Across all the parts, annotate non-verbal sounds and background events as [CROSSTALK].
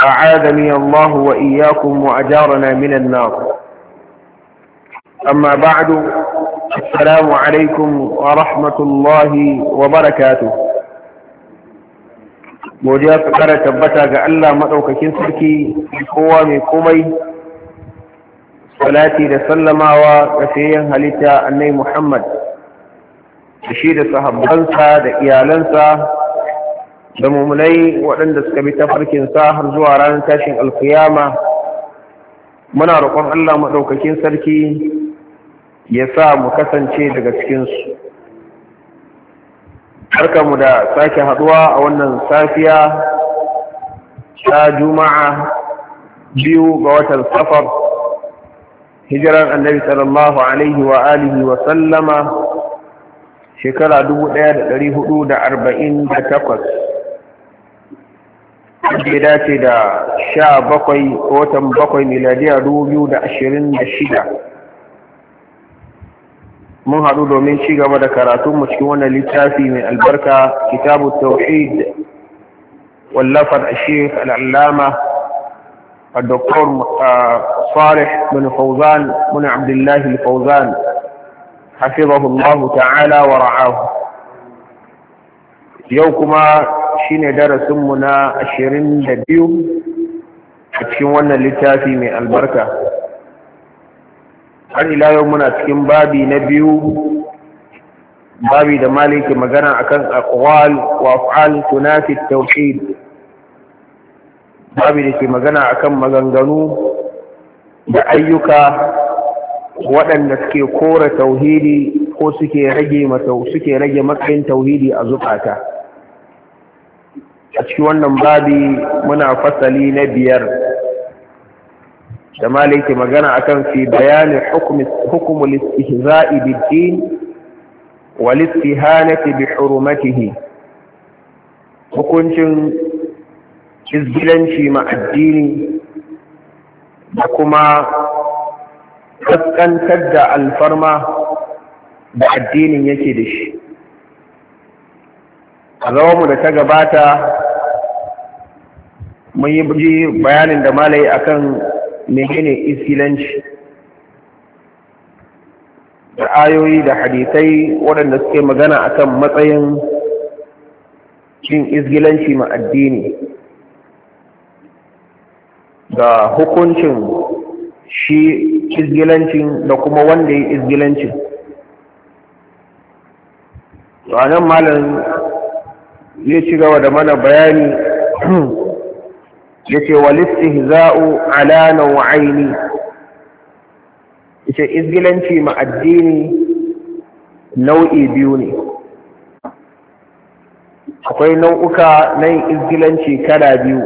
أعاذني الله وإياكم وأجارنا من النار أما بعد السلام عليكم ورحمة الله وبركاته godiya su kara tabbata ga Allah maɗaukakin sarki kowa mai komai salati da sallamawa ga sayan halitta annai Muhammad da shi da sahabbansa da iyalansa da mummunai waɗanda suka bi farkin sa har zuwa ranar tashin alkiyama muna roƙon Allah maɗaukakin sarki ya sa mu kasance daga cikinsu mu da sake haɗuwa a wannan safiya ta juma'a biyu ga watan safar hijiran annabi sallallahu alaihi wa alihi wa sallama shekara 1448 ya dace da sha bakwai watan bakwai miladiyar dubu da ashirin da shida mun haɗu domin ci gaba da mu cikin wannan littafi mai albarka kitabu tauhid wallafar ashir al'allama a doktor uh, salih bin fauzan bin abdullahi fauzan hafizahullahu ta'ala wa ra'ahu yau kuma shine darasinmu na ashirin da biyu a cikin wannan littafi mai albarka har ila yau muna cikin babi na biyu babi da maliki magana akan akwal wa fa'al tunafi tawhid babi da ke magana akan maganganu da ayyuka waɗanda suke kora tauhidi ko suke rage matsayin tauhidi a zukata a cikin wannan babi muna fasali na biyar da maliki magana akan fi bayanin hukumul istihza'i bid-din wal istihanati bi hurumatihi hukuncin izgilanci ma addini da kuma kaskantar da alfarma da addinin yake da shi a mu da ta gabata mun yi buji bayanin da malai akan menene isilanci da ayoyi da hadisai waɗanda suke magana a kan matsayin cin isilanci ma addini da hukuncin shi izgilancin da kuma wanda ya izgilancin to a nan malam zai ci gaba da mana bayani yace wa istihza'u ala naw'aini yace izgilanci ma addini nau'i biyu ne akwai nau'uka na yin izgilanci kala biyu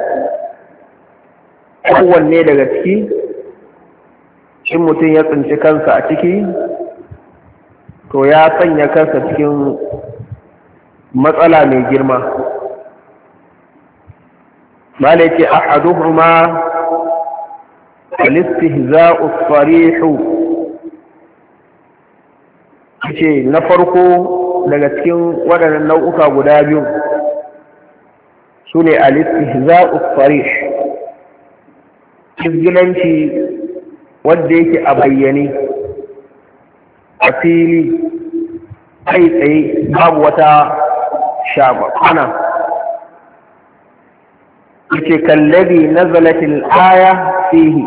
kowanne daga ciki in mutum ya tsinci kansa a ciki to ya sanya kansa cikin matsala mai girma ما ليك أحدهما الاستهزاء الصريح ce na farko daga cikin waɗannan nau'uka guda biyu su ne alistihza'u sarih izgilanci wanda yake a bayyane a fili kai tsaye babu wata shagwakwana yace kallabi nazalatil aya fihi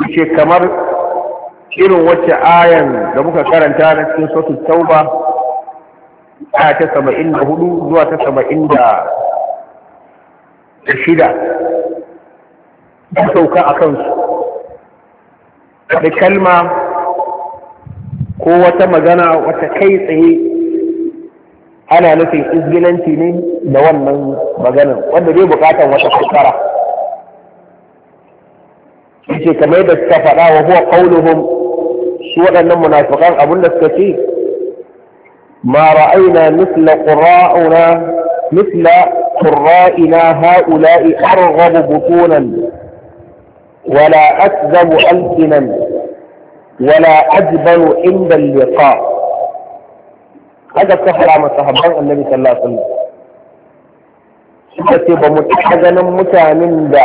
yace kamar irin wacce ayan da muka karanta na cikin suratul tauba aya ta 74 zuwa ta da shida. ta sauka a kansu da kalma ko wata magana wata kai tsaye ana nufin izgilanci ne da wannan maganar wanda bai bukatan wata fassara yace kamar da suka faɗa wa huwa qauluhum su waɗannan munafiqan abin da suka ce ma ra'ayna mithla qura'una mithla qura'ina ha'ula'i arghabu butunan wala akzabu alsinan wala ajbaru inda al-liqa' haka ta fara masa habban annabi sallallahu alaihi wasallam suka ce ba mu taɓa ganin mutanen da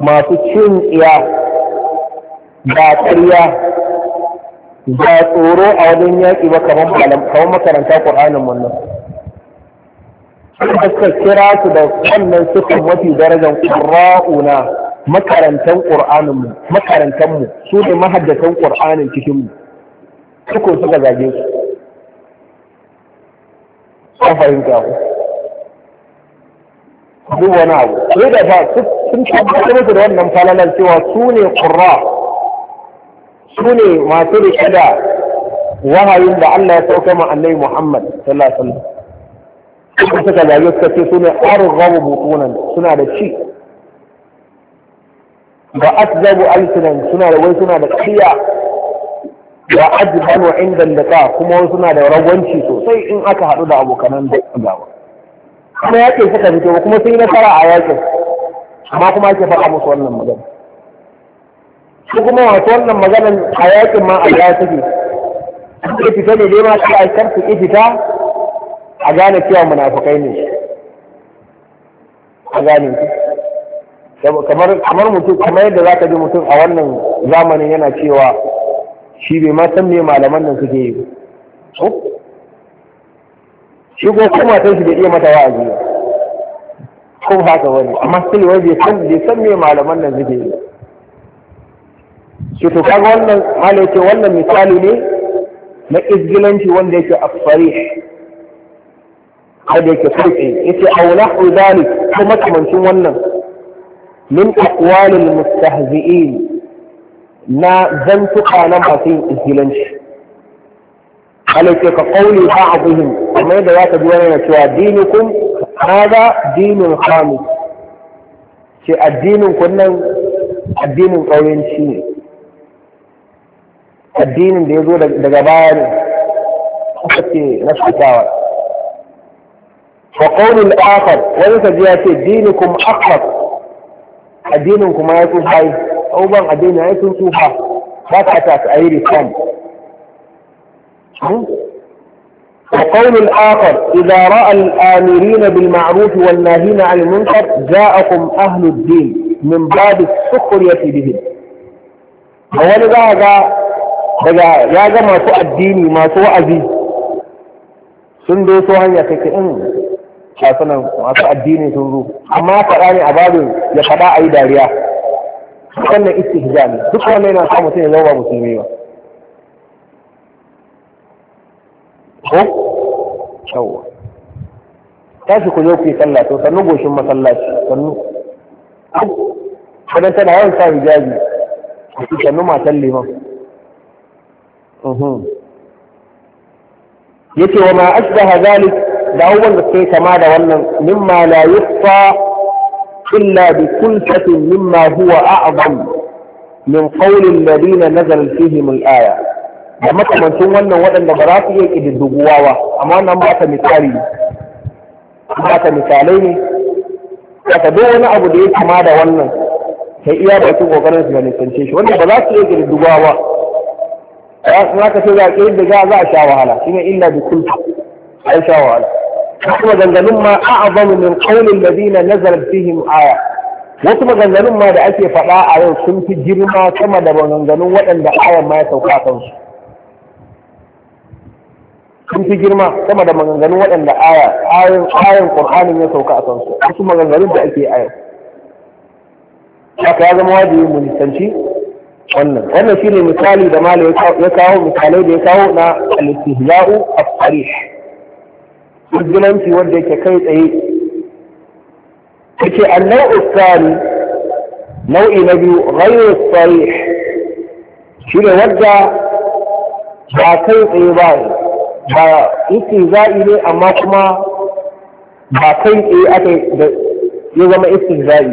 masu cin iya ba ƙarya ba tsoro a wajen yaƙi ba kamar makaranta ƙur'anin wannan suka kira su da wannan sukan mafi darajar ƙura'una makarantan makarantan mu su ne mahaddatan ƙur'anin cikinmu uku suka zage su an fahimta ku duk wani abu sai da ba sun tabbatar musu da wannan falalar cewa su ne ƙurra su ne masu riƙe da wahayin da Allah ya sauka ma annabi Muhammad sallallahu alaihi wasallam suka zage suka ce su ne arghabu butunan suna da ci ba aszabu alsunan suna da wai suna da qiya wa ajban wa inda liqa kuma wasu na da ragwanci sosai in aka haɗu da abokanan da gawa kuma yake suka fito kuma sun yi nasara a yakin amma kuma ake faɗa musu wannan magana su kuma wasu wannan maganan a yakin ma a ya take suke fita ne dai ma su a karfi fita a gane cewa munafukai ne a gane kamar kamar mutum kamar yadda zaka ji mutum a wannan zamanin yana cewa shi bai ma san me malaman nan suke yi shi ko kuma matan shi bai iya mata wa'azi ba ko haka wani amma sai wai bai san bai san me malaman nan suke yi shi to kaga wannan malai ce wannan misali ne na izgilanci wanda yake afsari kada yake furke yace aula nahu kuma ko kamancin wannan min aqwalil mustahzi'in na zantuka na masu yin izgilanci alaike ka kauli ba a zuhin kamar yadda za ka ji wani cewa dinukum haza dinin khamis ce addinin nan addinin ƙauyenci ne addinin da ya zo daga baya ne kuka ce na shutawa wa qaulul akhar wani ka ji ya ce dinukum akhar ya fi bai ban a daina ya sun tufa ba ka ta su a yi return وقول الآخر إذا رأى الآمرين بالمعروف والناهين عن المنكر جاءكم أهل الدين من باب السخرية بهم wani za a ga daga ya ga masu addini masu wa'azi sun doso hanya kai in shasunan masu addini sun zo amma ka ne a babin ya faɗa a yi dariya wannan istihza ne duk wannan yana sa mutum ya zama musulmi ba ko yawwa tashi ku zo ku yi sallah to sannu goshin masallaci sannu kadan tana yawan sa hijabi a ci sannu matan liman yace wa ma asbaha zalik da abubuwan da suka kama da wannan mimma la yufa إلا بكلفة مما هو أعظم من قول الذين نزل فيهم الآية da makamancin wannan waɗanda ba za su iya ƙididduguwa ba amma nan ba ta misali ba ta misalai ne ka duk wani abu da ya kama da wannan sai iya bakin ƙoƙarin su ga nisance shi wanda ba za su iya ƙididduguwa ba za ka ce za a ƙididduga za a sha wahala shine illa bi kulta ai sha wahala wasu maganganun ma a'azamu min qawlin ladina nazalat fihim aya wasu maganganun ma da ake faɗa a yau sun fi girma sama da maganganun waɗanda ayan ma ya sauka kansu sun fi girma sama da maganganun waɗanda aya ayan ayan qur'anin ya sauka a kansu wasu maganganun da ake aya haka ya zama wajibi mu nisanci wannan wannan shine misali da malam ya kawo misalai da ya kawo na al-istihza'u as-sarih izgilanci wanda yake kai tsaye take annau tsari nau'i na biyu ghayru Shi shine wadda ba kai tsaye ba ba za'i ne amma kuma ba kai tsaye aka yi zama istihza'i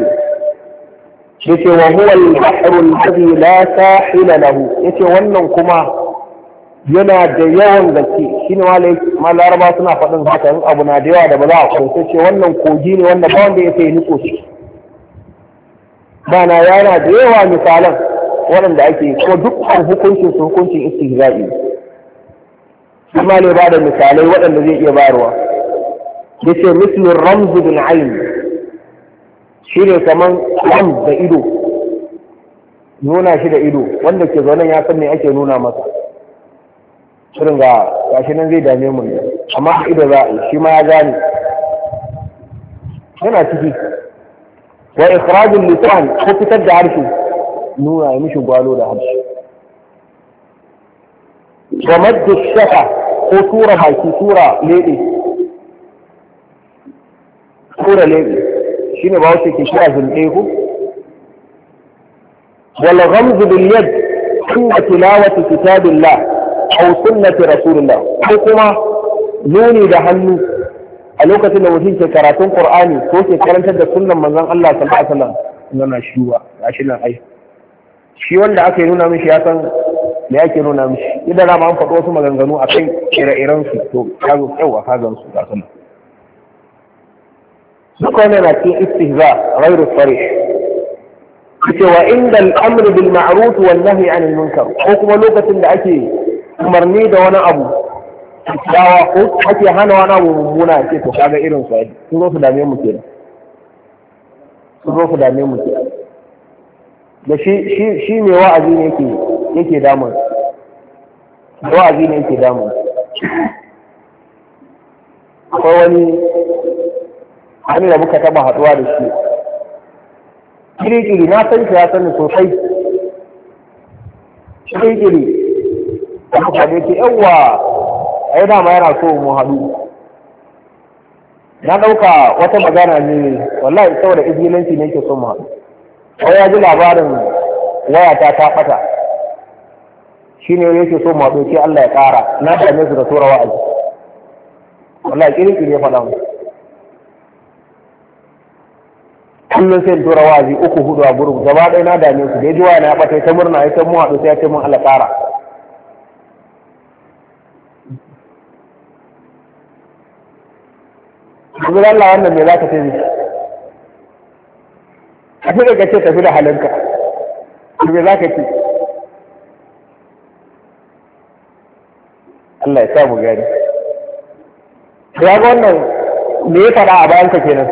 yace wa huwa al-bahr alladhi la sahila lahu yace wannan kuma yana da yawan gaske shine ma Laraba suna faɗin haka in abu na da yawa da ba za a kunce ce wannan kogi ne wanda ba wanda ya sai niko shi bana yana da yawa misalan waɗanda ake ko duk dukkan hukuncin su hukuncin istihza'i shi ne ba da misalai waɗanda zai iya bayarwa yace mislu ramzu ayin shi ne kaman ram da ido nuna shi da ido wanda ke zaune ya san me ake nuna masa shirin ga gashi nan zai dame mu amma a ido za a shi ma ya gane yana ciki wa ikhrajul lisan ko fitar da harshe nuna ya mishi gwalo da harshe Ga madda shafa ko tura haki tura lebe tura lebe ne ba wace ke kira zulɗe ko wal ghamzu bil yad inda tilawati kitabillah aw sunnati rasulillah ko kuma nuni da hannu a lokacin da mutum ke karatun qur'ani ko ke karantar da sunnan manzon Allah sallallahu alaihi wasallam nuna shi ba gashi nan ai shi wanda aka nuna mishi ya san me yake nuna mishi idan na ma an faɗo wasu maganganu a kan ire-iren su to ya zo kyau a kagan su ga sunan duka wannan na cikin istihza ghairu sarih wa inda al'amri bil ma'ruf wal nahyi anil munkar ko kuma lokacin da ake umarni da wani abu dawa ko ake hana wani abu mummuna a ce to kaga irin su ai sun zo su dame mu kenan sun zo su dame mu kenan da shi shi shi ne wa'azi ne yake yake damun wa'azi ne yake damun akwai wani hannu da muka taba haɗuwa da shi kiri-kiri na san shi ya sani sosai kiri-kiri mutane ke yawa ai ma yana so mu haɗu na ɗauka wata magana ne wallahi saboda izilanci ne ke so mu haɗu ko ya ji labarin wayata ta ɓata shi ne yake so mu haɗu ce Allah ya ƙara na ne su da tura wa'azi wallahi kiri ya faɗa mu kullum sai tura wa'azi uku hudu a gurin gaba ɗaya na dame su da ya ji waya na ya ɓata ta murna ya san mu haɗu sai ya ce mun Allah ƙara domin Allah wannan me za ka ce mishi a fi daga ce tafi da halinka me za ka ce Allah ya samu gani ya ga wannan me ya faɗa a bayanka kenan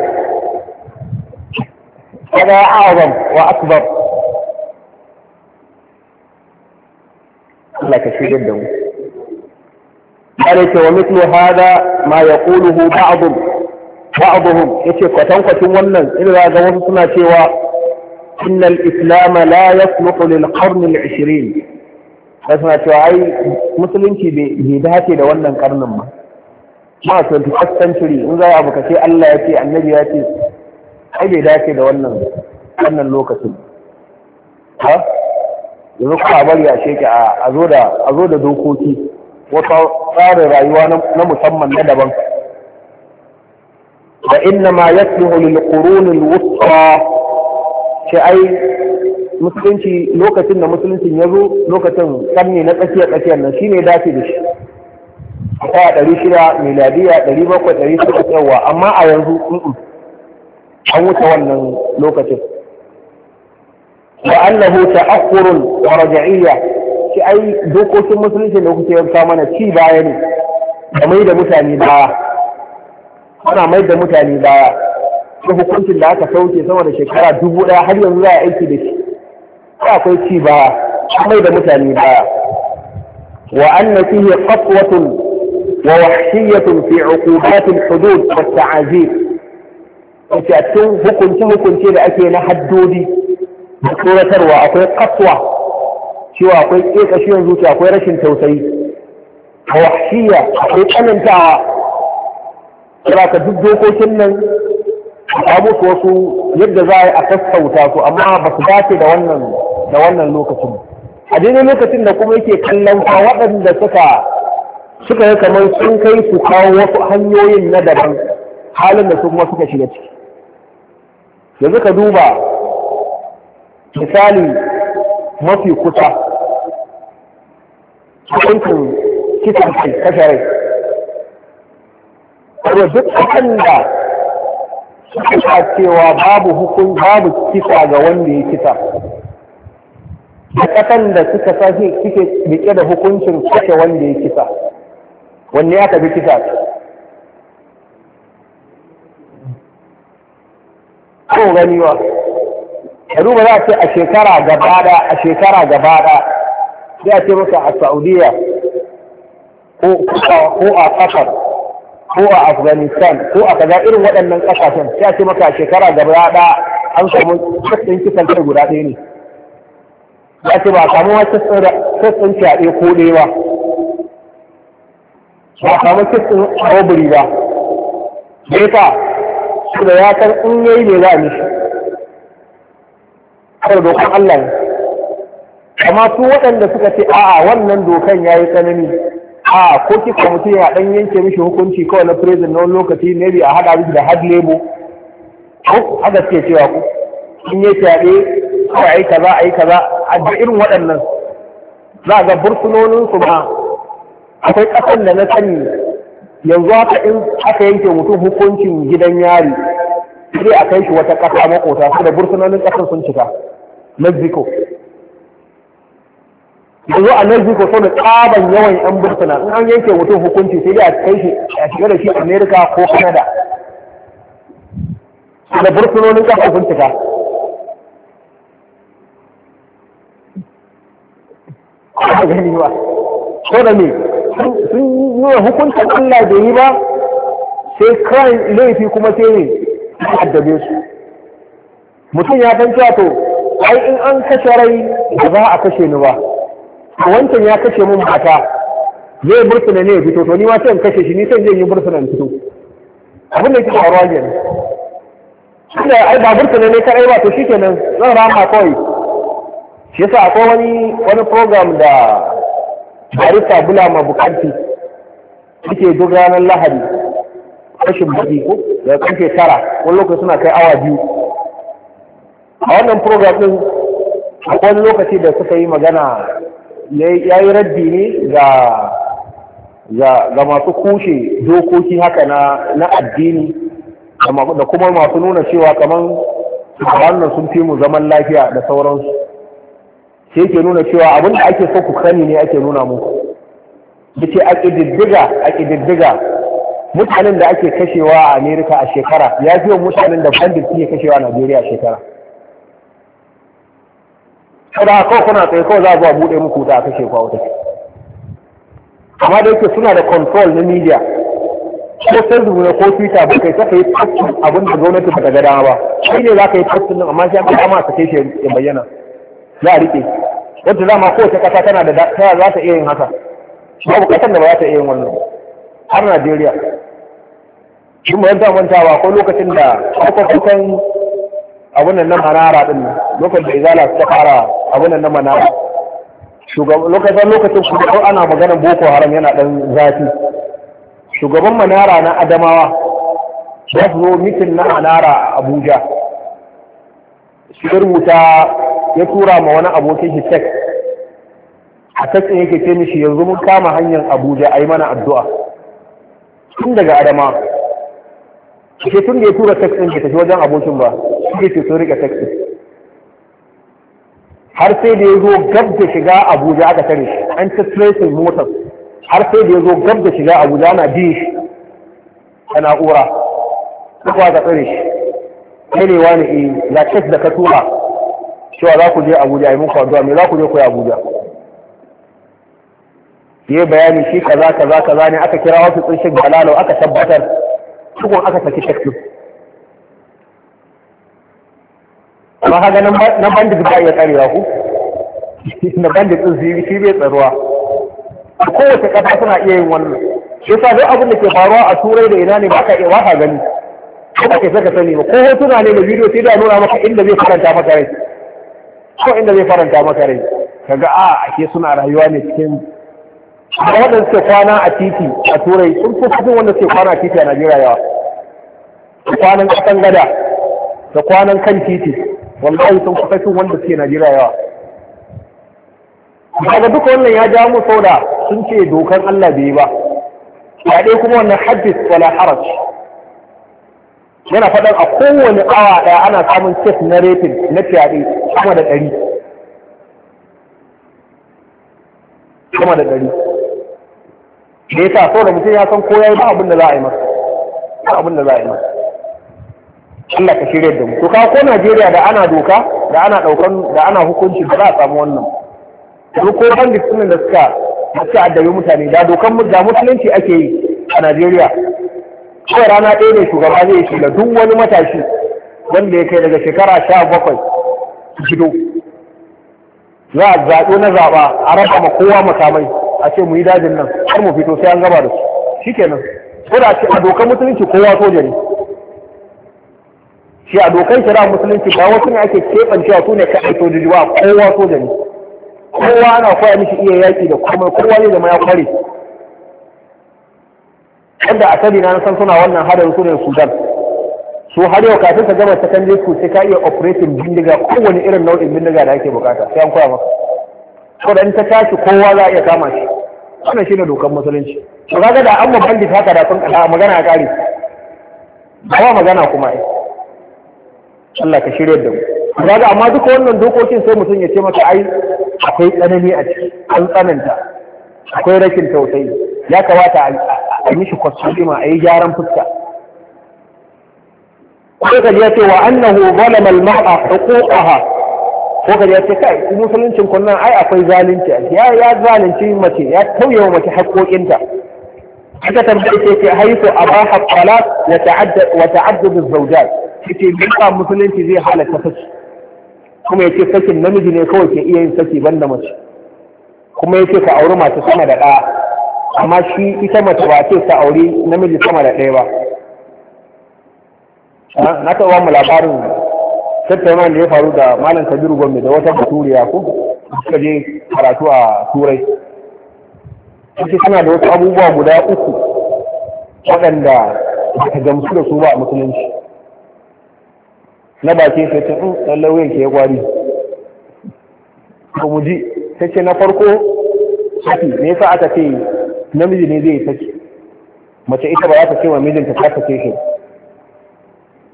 kaga ya a'azam wa akbar Allah ka shigar da mu قال ومثل هذا ما يقوله بعض ba'dhum yace kwatan kwatin wannan in za ga wasu suna cewa innal islam la yasluhu lil qarn al 20 sai musulunci bai dace wannan karnin ba ma 21st century in za abu kace Allah ya ce annabi ya ce ai bai dace wannan lokacin yanzu kuma bari a sheke a zo da dokoki wata tsarin rayuwa na musamman na daban da inna ma yasluhu lil qurunil wusta ce ai musulunci lokacin da musuluncin ya zo lokacin karni na tsakiyar tsakiyar nan shine dace da shi a kawo ɗari shida miladiya ɗari bakwai ɗari shida tsawa amma a yanzu an wuce wannan lokacin wa annahu ta'akhurun wa raj'iyya shi ai dokokin musulunci da kuke yanka mana ci baya ne kamar da mutane baya ana mai da mutane baya da hukuncin da aka sauke sama da shekara dubu ɗaya har yanzu za a aiki da shi ba akwai ci ba mai da mutane baya wa anna fihi qatwatun wa wahshiyatun fi uqubat al-hudud wa ta'azir wace a cikin hukunci da ake na haddodi da tsoratarwa akwai qatwa cewa akwai ƙeƙashiyon zuciya akwai rashin tausayi a wahshiya akwai tsanantawa Yana ka duk dokokin nan a musu wasu yadda za a yi a sassauta su amma ba su dace da wannan lokacin. A daidai lokacin da kuma yake kallon ka waɗanda suka suka yi kamar sun kai su kawo wasu hanyoyin na daban halin da su kuma suka shiga ciki. Yanzu ka duba misali mafi kusa hukuncin kisan kai kashe kuma duk da suka cewa babu hukun babu kisa ga wanda ya kisa da kasan da suka sahi kike rike da hukuncin kashe wanda ya kisa wanne aka bi kisa ko ganiwa ka duba za a ce a shekara gaba da a shekara gaba da sai a ce maka a saudiya ko a kasar ko a afghanistan ko a kaza irin waɗannan ƙasashen sai a ce maka shekara gaba ɗaya an samu sassan kisan kai guda ɗaya ne ya ce ba a samu sassan fyaɗe ko ɗaya ba ba a samu sassan robbery ba Me ya fa su da ya san in yayi ne za a mishi kar dokan Allah ne amma su waɗanda suka ce a'a wannan dokan ya yi tsanani a ko kika mutum ya dan yanke mishi hukunci kawai na prison na wani lokaci ne a hada mishi da hard labor ko haka suke cewa ku in yi fyaɗe kawai ai kaza ai kaza a da irin waɗannan za ga bursunonin su ma akwai ƙasan da na sani yanzu haka in aka yanke mutum hukuncin gidan yari sai a kai shi wata ƙasa makota da bursunonin ƙasar sun cika mexico yanzu a nan ko so da tsaban yawan yan burtuna in an yanke mutum hukunci sai dai a kai shi a shiga da shi Amerika ko canada da burtunonin kasa bincika a gani ba ko da me sun yi wa hukuncin allah da yi ba sai crime laifi kuma sai ne addabe su mutum ya san cewa to ai in an kashe rai ba za a kashe ni ba a wancan ya kashe mun mata zai burtuna ne ya fito to ni ma sai in kashe shi ni sai zai yi burtuna ne fito abin da yake faruwa ne tunda ai ba burtuna ne kai ba to shikenan zan rama kawai shi yasa akwai wani wani program da barista bula ma bukanti suke duk ranar lahadi rashin baki ko da karfe tara wani lokaci suna kai awa biyu a wannan program din akwai wani lokaci da suka yi magana ya yi raddi ne ga masu kushe dokoki haka na addini da kuma masu nuna cewa kamar wannan sun fi mu zaman lafiya da sauransu sai ke nuna cewa abin da ake so ku sani ne ake nuna muku da ce a ƙididdiga mutanen da ake kashewa a amerika a shekara ya fi mutanen da bandit suke kashewa a najeriya a shekara kada ko kuna kai ko za zuwa bude muku da kashe ku wata amma da yake suna da control na media ko facebook ne ko twitter ba kai saka yi postin abin da gwamnati ba ta ga dama ba sai ne za ka yi postin din amma sai an kama ka kai shi ya bayyana ya riƙe. rike wanda dama kowace kasa tana da tana za ta iya yin haka babu kasar da ba za ta iya yin wannan har Najeriya shi mu yanta mantawa ko lokacin da kusan. abunan nan manara din lokacin da izala suka fara abunan nan manara manara lokacin lokacin shugaban ana maganar boko haram yana dan zafi shugaban manara na adamawa ya zo mitin na manara a abuja shi rubuta ya tura ma wani abokin shi tek a tatsin yake ce mishi yanzu mun kama hanyar abuja a yi mana addu'a tun daga adama ke tun da ya tura tek ɗin ke tafi wajen abokin ba sai ce sun rike taxi har sai da ya zo gab da shiga abuja aka tare shi an ta tracing motar har sai da ya zo gab da shiga abuja ana bin shi ta na'ura duk aka tsare shi kai ne wani eh ya check da ka tura cewa za ku je abuja yi muku addu'a me za ku je ku yi abuja yi bayani shi kaza kaza kaza ne aka kira wasu tsunshin galalau aka tabbatar tukun aka saki shakkin amma haka na bandit ba iya karewa ku na bandit din shi bai tsaruwa kowace kasa suna iya yin wannan yasa duk abin da ke faruwa a turai da ina ne ba ka iya wata gani ko ba ke saka sani ba ko hotuna ne da bidiyo sai da nuna maka inda zai faranta maka rai ko inda zai faranta maka rai kaga a ah, ake suna rayuwa ne cikin da waɗanda suke kwana a titi a turai sun fi cikin wanda suke kwana a titi a najeriya yawa kwanan kasan gada da kwanan kan titi wallahi sun kusa cin wanda suke Najeriya yawa daga duka wannan ya ja mu da sun ce dokan Allah bai yi ba ya kuma wannan hadis wala haraj yana faɗan a kowane awa ɗaya ana samun kes na rafin na fyaɗe sama da ɗari sama da ɗari da ya sau da mutum ya san ko ya yi ba abin da za a yi masa ba abin da za a yi masa Allah ka shirya da mu to ka ko Najeriya da ana doka da ana daukan da ana hukunci ba za a samu wannan Duk ko bandit sunan da suka suka addabi mutane da dokan mu da musulunci ake yi a Najeriya ko rana ɗaya ne shugaba zai da duk wani matashi wanda ya kai daga shekara sha bakwai gido za a zaɓi na zaɓa a raba ma kowa makamai a ce mu yi dajin nan har mu fito sai an gaba da su shikenan ko da a dokan musulunci kowa soja ne shi a dokan shari'a musulunci ba wasu ne ake keɓancewa su ne a sojoji ba kowa soja ne kowa ana koya mishi iya yaƙi da kuma kowa ne zama ya kware wanda a sani na san suna wannan hadarin su ne sudan su har yau kafin ka gama secondary school sai ka iya operating bindiga kowane irin nau'in bindiga da ake bukata sai an koya maka ko da in ta tashi kowa za a iya kama shi wannan shine dokan musulunci to kaga da an mu bandit haka da sun kada magana a kare ba magana kuma ai Allah ka shirya da mu kaga amma duka wannan dokokin sai mutum ya ce maka ai akwai tsanani a ciki an tsananta akwai rashin tausayi ya kamata a yi mishi kwasfima a yi gyaran fuska ko kaji ce wa annahu zalama al-mar'a huquqaha ko kaji ce kai musuluncin kunnan ai akwai zalunci ya ya zalunci mace ya tauye mace haƙoƙinta aka tambayi ce ce haifu abaha talaq wa ta'addad wa ta'addud az-zawjat yace duka musulunci zai ta saki kuma ya ce sakin namiji ne kawai ke iya yin saki da mace kuma ya ce ka auri mace sama da ɗaya amma shi ita mace ba ce ta auri namiji sama da ɗaya ba ah, na taɓa mu labarin tattaunawa da ya faru da malam kabiru gombe da wata baturiya ko suka je karatu a turai suke suna da wasu abubuwa guda uku waɗanda ka gamsu da su ba a musulunci na bakin sai ce in lallai ke ya kwari ba mu ji sai ce na farko saki me yasa aka ce namiji ne zai saki mace ita ba za ta ce wa mijinta ta sake shi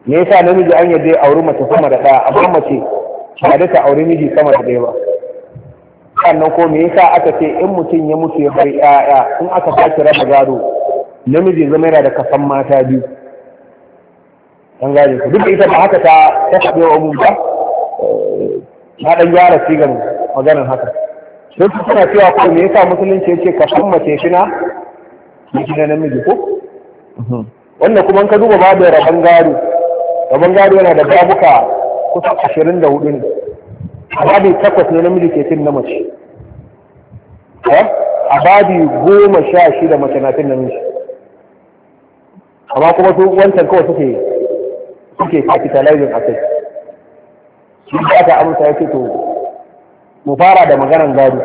me yasa namiji an yadda ya auri mace sama da ɗaya amma mace ba da ta auri miji sama da ɗaya ba sannan ko me yasa aka ce in mutum ya mutu ya bar ƴaƴa in aka sake raba gado namiji zama yana da kafan mata biyu an gane ku duk ita ba haka ta ta faɗi wa ba eh, na ɗan gyara sigar maganar haka Don su suna cewa ko me yasa musulunci ya ce kafan mace shi na na namiji ko mhm. wannan kuma ka duba babu rabon gado rabon gado yana da babuka kusan ashirin da hudu ne Abadi takwas ne namiji ke cin na mace a Abadi goma sha shida mace na cin namiji amma kuma su wancan kawai suke suke capitalizing a kai shi da aka amsa ya ce to mu fara da maganan gado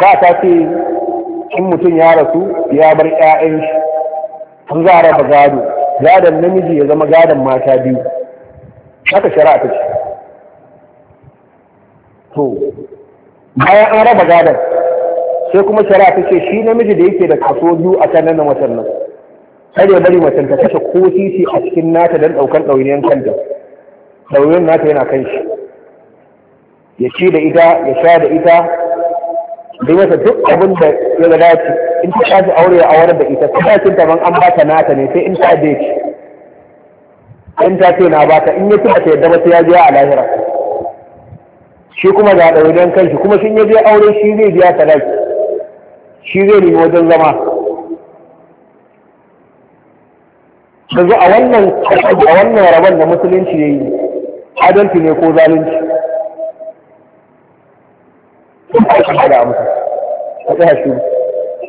ba ta ce in mutum ya rasu ya bar 'ya'yan shi an za a raba gado gadon namiji ya zama gadon mata biyu haka shari'a ta ce to bayan an raba gadon sai kuma shari'a ta ce shi namiji da yake da kaso biyu a kan nan watan nan sai ya bari watan ta kashe ko titi a cikin nata don ɗaukan ɗauniyan kanta ɗauniyan nata yana kan shi ya ci da ita ya sha da ita da masa duk abin da ya dace in ta shafi aure ya aurar da ita sadakin ta ban an bata nata ne sai in ta dace in ta ce na bata in ya ci ba ta yadda ba sai ya biya a lahira shi kuma da ɗaya don kanshi kuma sun yaje aure shi zai biya talaki shi zai nemi wajen zama yanzu a wannan a wannan rabon da musulunci ya yi adalci ne ko zalunci sun kwanta da amsa a tsaya shi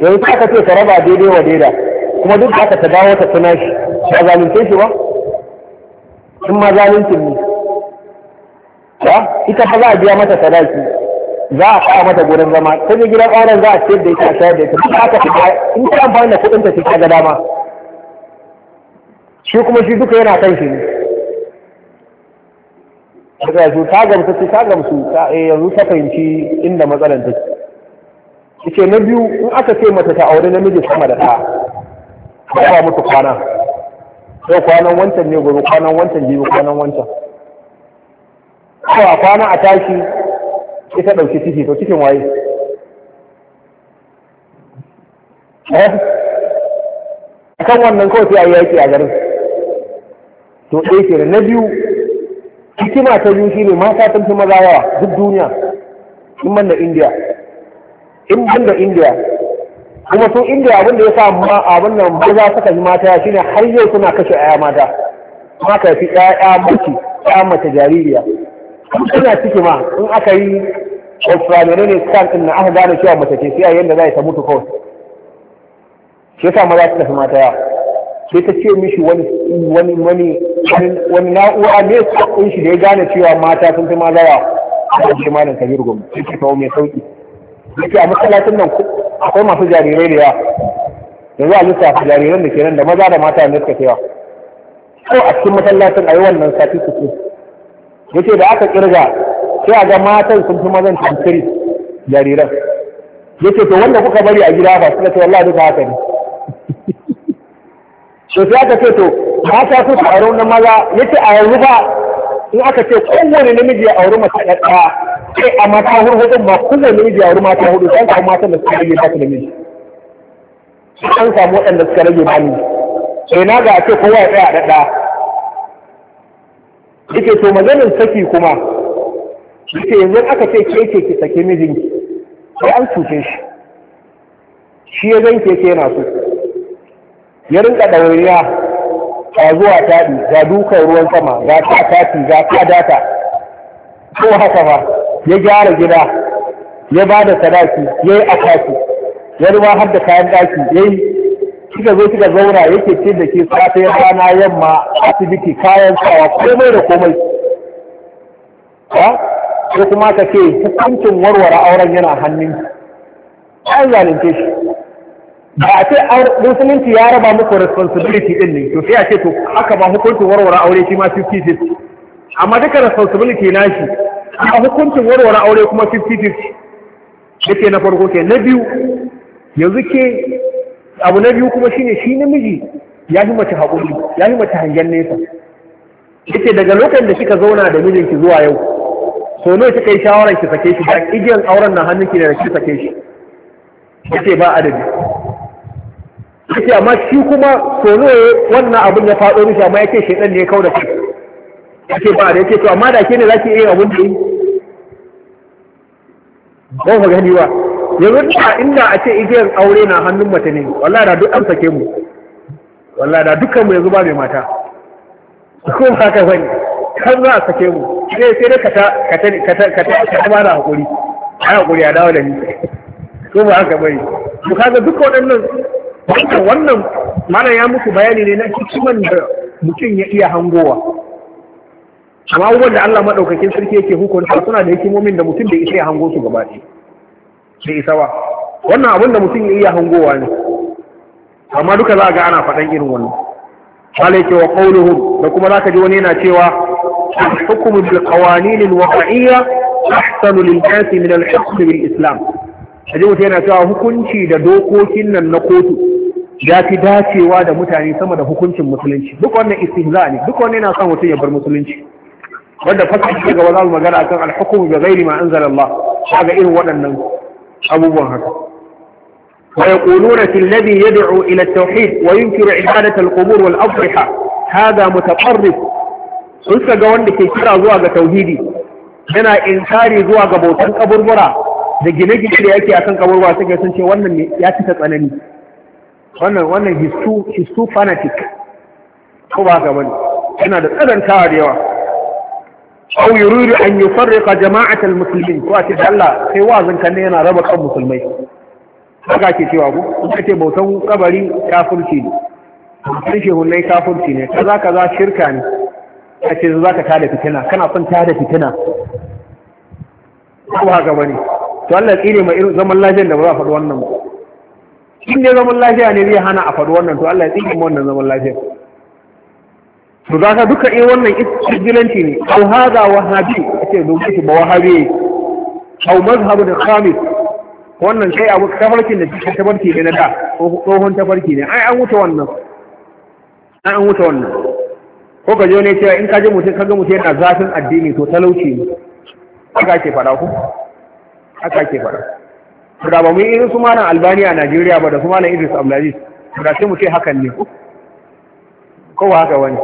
yanzu ta aka ce ka raba daidai wa daida kuma duk da aka ta dawo ta tuna shi ba zalunce shi ba in ma zalunci ne ta ita ba za a biya mata sadaki za a fara mata gurin zama ta ne gidan auren za a ce da ita a shayar da ita duk aka fita in ta amfani da kuɗin ta ta ga dama shi kuma shi duka yana kan shi ne daga su ta gamsu ce ta gamsu ta eh, yanzu ta fahimci inda matsalar take ce na biyu in aka ce mata ta aure namiji sama da ta ba mutu kwana yau kwanan wancan ne gobe kwanan wancan jibi kwanan wancan a kwana a tashi ita ɗauki ciki to cikin waye eh? a kan wannan kawai sai a yi yaƙi a garin to ɗaya ke na biyu hikima ta biyu shine mata sun fi maza yawa duk duniya in ban da indiya in man da indiya kuma su indiya abin da ya sa abin nan maza suka yi mata shine har yau suna kashe 'ya'ya mata kuma ka fi 'ya'ya mace 'ya'ya mace jaririya suna ciki ma in aka yi ofranene ne scan din na aka gane cewa mace ce sai a yanda za ta mutu kawai shi yasa maza ta tafi mata yawa sai ta ce mishi wani wani wani wani na'ura ne sakon shi da ya gane cewa mata sun fi maza yawa a cikin malam kabiru gombe sai ta kawo mai sauki yake a masallacin nan akwai masu jarirai da yawa yanzu a lissafa jariran da ke nan da maza da mata ne suka cewa ko a cikin masallacin a yi wannan sati su yace da aka kirga sai a ga matan sun fi mazan tamfiri jariran yace to wanda kuka bari a gida ba su da wallahi duka haka ne so [LAUGHS] sai aka ce to mata su su aure na maza ce a yanzu ba in aka ce kowane namiji ya auri mace da ɗaya sai a mata hurhudun ma kowane namiji ya auri mata hudu sai an samu matan da suka rage ba su namiji an samu waɗanda suka rage ba ni sai na ga a ce kowa ya tsaya a ɗaya yake to maganin saki kuma yake yanzu aka ce ke ce ki saki mijinki sai an cuce shi shi ya zan ke ke so ya rinka ɗauriya ta zuwa taɗi ga dukan ruwan sama ga ta tafi ga ta data ko haka ba ya gyara gida ya ba da sadaki ya yi akwati ya ruwa har da kayan ɗaki ya yi kika zo kika zauna yake ce da ke safe rana yamma asibiti kayan sawa komai da komai ko kuma ka ce hukuncin warware auren yana hannun an zalunce shi ba a ce musulunci ya raba muku responsibility din ne to sai a ce to haka ba hukuncin warware aure shi ma 50-50 amma duka responsibility na shi a hukuncin warware aure kuma 50-50 yake na farko ke na biyu yanzu ke abu na biyu kuma shine shi namiji ya yi mace haƙuri ya yi mace hangen nesa yake daga lokacin da kika zauna da mijinki zuwa yau so ne kika yi shawarar ki sake shi da igiyan auren na hannunki da ki sake shi yake ba adadi yake amma shi kuma so ne wannan abin ya faɗo mishi amma yake shedan ne ya kauda shi yake ba da yake to amma da ke ne za ki iya abin da yi ba ku gani ba yanzu a inda a ce igiyar aure na hannun mace ne wallahi da duk an sake mu wallahi da dukkan mu yanzu ba mai mata ko ba ka bane kan za a sake mu sai sai dai ka ta ka ta ka ba da hakuri ai hakuri ya dawo da ni ko ba haka bane to kaga duk waɗannan wannan malam ya muku bayani ne na hikiman da mutum ya iya hangowa amma abubuwan da Allah maɗaukakin sarki yake hukunta suna da hikimomin da mutum da isa ya hango su gaba ɗaya bai isa ba wannan abin da mutum ya iya hangowa ne amma duka za a ga ana faɗan irin wannan ke cewa ƙaunuhu. da kuma za ka ji wani yana cewa hukumin da qawanin al ahsanu lil nas min al hukm bil islam kaje mutum yana cewa hukunci da dokokin nan na kotu ya fi dacewa da mutane sama da hukuncin musulunci duk wannan istihza ne duk wannan yana son mutum ya bar musulunci wanda fasa gaba za mu magana akan al ga gairi ghairi ma anzala ga irin waɗannan abubuwan haka wa yaquluna fil ya yad'u ila tauhid wa yunkiru ibadat al-qubur wal adriha hada mutatarrif sun ga wanda ke kira zuwa ga tauhidi yana inkari zuwa ga bautan kaburbura da gine-gine da yake akan kaburbura suke sun ce wannan ya cika tsanani wannan wannan histu fanatic ko ba bane yana da tsanantawa da yawa au yuridu an yufarriqa jama'atal muslimin ko a ce Allah sai wazin kan ne yana raba kan musulmai haka ke cewa ku in kace bautan kabari kafirci ne sun shehunnai kafirci ne kaza kaza shirka ne a ce za ka tada fitina kana son tada fitina ko haka bane to Allah tsire mai irin zaman lafiya da ba za faɗi wannan ba in ne zaman lafiya ne zai hana a faɗi wannan to Allah ya tsire mu wannan zaman lafiya. to za ka duka in eh, wannan isgilanci ne au haza wahabi ake domin shi ba wahabi au mazhabu da khamis wannan kai abu tafarkin da cikin tafarki ne na da tsohon tafarki ne ai an wuce wannan ai an wuce wannan ko ka ne cewa in ka je mutum ka ga mutum yana zafin addini to talauci ne haka ke fara ku haka ke fara to da ba mu irin su malam albani a najeriya ba da su malam idris abdulaziz to da sai mu ce hakan ne ko ba haka wani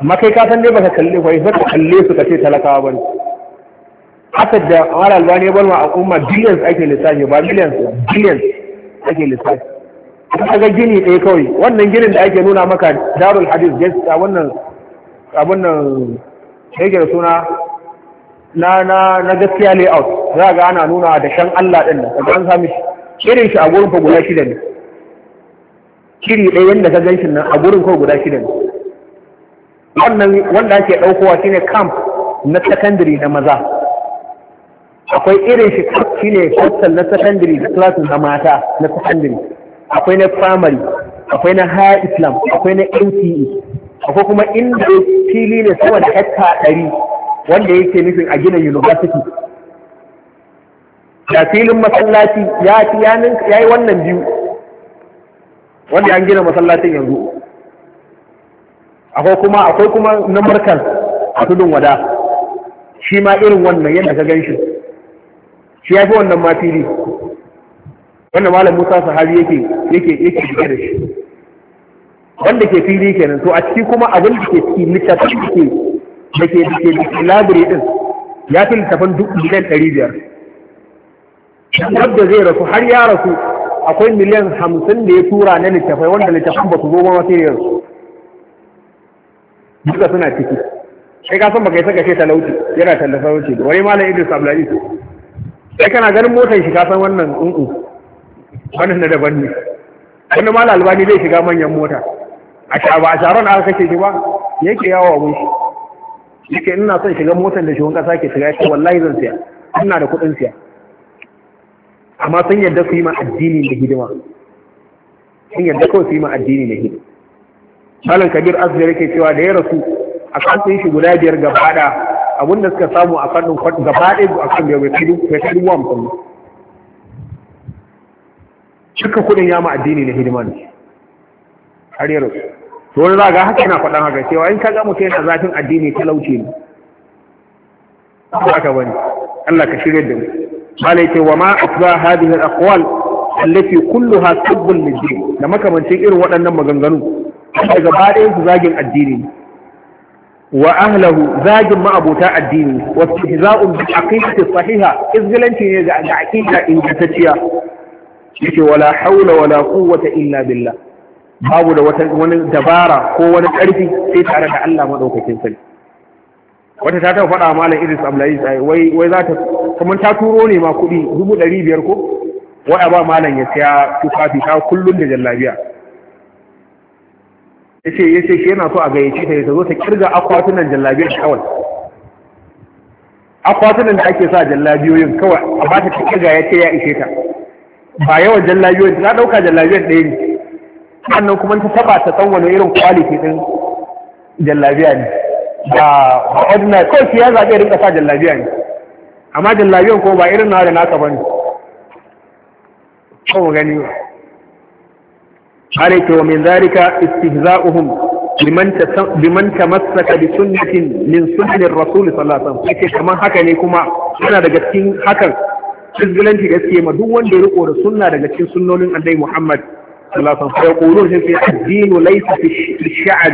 amma kai ka san dai baka kalle ba ka kalle su ka ce talakawa ba haka da mara albani ya balwa a umma billions ake lissafi ba billions billions ake lissafi ka ga gini ɗaya kawai wannan ginin da ake nuna maka darul hadis gaskiya wannan abun nan yake da suna na na na gaskiya layout za ga ana nuna da shan Allah din nan kaga an sami irin shi a gurin fa guda shida ne shiri ɗaya yanda ka gan shi nan a gurin kawai guda shida ne wannan wanda ake ɗaukowa shine camp na secondary na maza akwai irin shi shine hostel na secondary da class na mata na secondary akwai na primary akwai na high islam akwai na nce akwai kuma inda fili ne sama da hekta ɗari wanda yake nufin a gina university da filin masallaci ya ya yi wannan biyu wanda an gina masallacin yanzu akwai kuma akwai kuma na markar a tudun wada shi ma irin wannan yadda ka ganshi shi ya fi wannan ma fili wanda malam musa sahabi yake yake yake shige da shi wanda ke fili kenan to a ciki kuma abin da ke ciki littafin da ke da ke da ke da ke labiri din ya fi littafin duk miliyan ɗari biyar wadda zai rasu har ya rasu akwai miliyan hamsin da ya tura na littafai wanda littafin ba su zo ba sai ya duka suna ciki sai ka san baka yi saka ce talauci yana tallafa wuce wani malam Idris Abdulaziz sai kana ganin motar shi ka san wannan un'u wannan na daban ne wani malam Albani zai shiga manyan mota a shaba a sharon aka kace shi ba yake yawo abun shi yake ina son shiga motar da shugaban kasa ke shiga shi wallahi zan siya ina da kuɗin siya amma sun yadda su yi ma addini da hidima sun yadda kawai su yi ma addini da hidima malam kabir azhar yake cewa da ya rasu a kan shi guda biyar gaba da abinda suka samu a fannin kwat gaba ɗaya a kan da bai kai dubu hamsin cika kudin yama addini na hidima ne har ya rasu to wani za ga haka yana faɗan haka cewa in ka ga mutum yana zafin addini talauci ne haka bani. Allah ka shirya da mu malai ce wa ma asba hadhihi al-aqwal allati kulluha sabbun lid-din da makamancin irin waɗannan maganganu gaba ɗaya su zagin addini wa ahlahu zagin ma'abota addini wa istihza'un bi aqidati sahiha izgilanci ne ga aqida ingantacciya yake wala haula wala quwwata illa billah babu da wata wani dabara ko wani karfi sai tare da Allah madaukakin sarki wata ta ta faɗa malam Idris Abdullahi sai wai wai za ta kamar ta turo ne ma kuɗi dubu ɗari biyar ko wai ba malam ya siya tufafi ta kullum da jallabiya yace yace shi yana so a gayyace ta ta zo ta kirga akwatunan jallabiyar kawai akwatunan da ake sa jallabiyoyin kawai a ba ta ta kirga yace ya ishe ta ba yawan jallabiyoyin ta dauka jallabiyar ɗaya ne sannan kuma ta taba ta san wani irin quality din jallabiya ne ba ba ordinary ko shi ya zabe rinka sa jallabiya ne amma jallabiyan ko ba irin na da naka bane ko gani har yake wa min zalika istihza'uhum biman biman tamassaka bi sunnatin min sunnati rasul sallallahu alaihi wasallam kaman haka ne kuma yana daga cikin hakan izgilanci gaske ma duk wanda ya riko da sunna daga cikin sunnonin annabi Muhammad sallallahu alaihi wasallam yaqulun sai ad-dinu laysa fi sha'r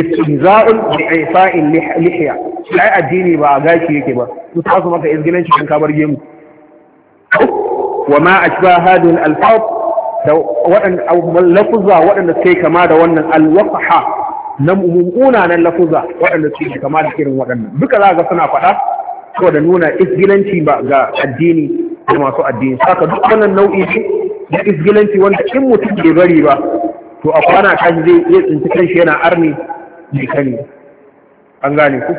istihza'un bi ifa'in lihya sai addini ba a gashi yake ba mutasu maka izgilanci kan kabar gemu wa ma ashba hadhihi al-alfaz da waɗanda suka yi kama da wannan alwafaha na mummunanan lafuzza waɗanda suke kama da irin waɗannan duka za ga suna faɗa ko da nuna isgilanci ba ga addini da masu addini saka duk wannan nau'i na isgilanci wanda in mutum bai bari ba to a kwana kan zai iya tsinci kanshi yana arni mai kani an gane ku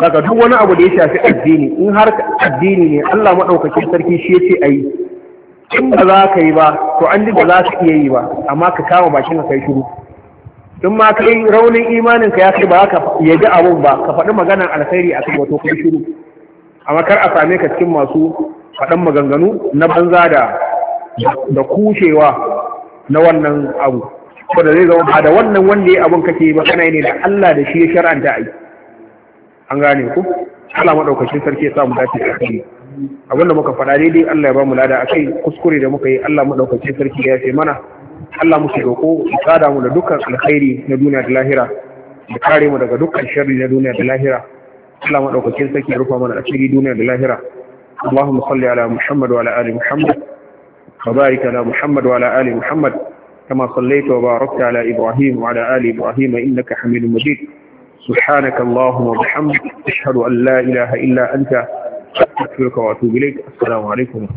saka duk wani abu da ya shafi addini in har addini ne Allah maɗaukakin sarki shi ya ce a yi in ba za ka yi ba to an ji za ka iya yi ba amma ka kama bakin ka kai shiru in ma kai raunin imanin ka ya kai ba ka yaji abun ba ka faɗi maganar alkhairi a kan wato kai shiru amma kar a same ka cikin masu faɗan maganganu na banza da da kushewa na wannan abu saboda zai zama ba da wannan wanda ya abun kake ba kana ne da Allah da shi ya shar'anta ai an gane ku Allah madaukakin sarki ya samu mu dace a kai da muka faɗa daidai Allah ya ba mu lada akai kuskure da muka yi Allah mu ɗaukake sarki ya ce mana Allah mu roƙo ya tsada mu da dukkan alkhairi na duniya da lahira da kare mu daga dukkan sharri na duniya da lahira Allah mu ɗaukake sarki ya rufa mana asiri duniya da lahira اللهم صل على محمد وعلى آل محمد وبارك على محمد وعلى آل محمد كما صليت وباركت على إبراهيم وعلى آل إبراهيم إنك حميد مجيد سبحانك اللهم وبحمدك أشهد أن لا إله إلا أنت shakkar turkawa tubulai assalamu alaikum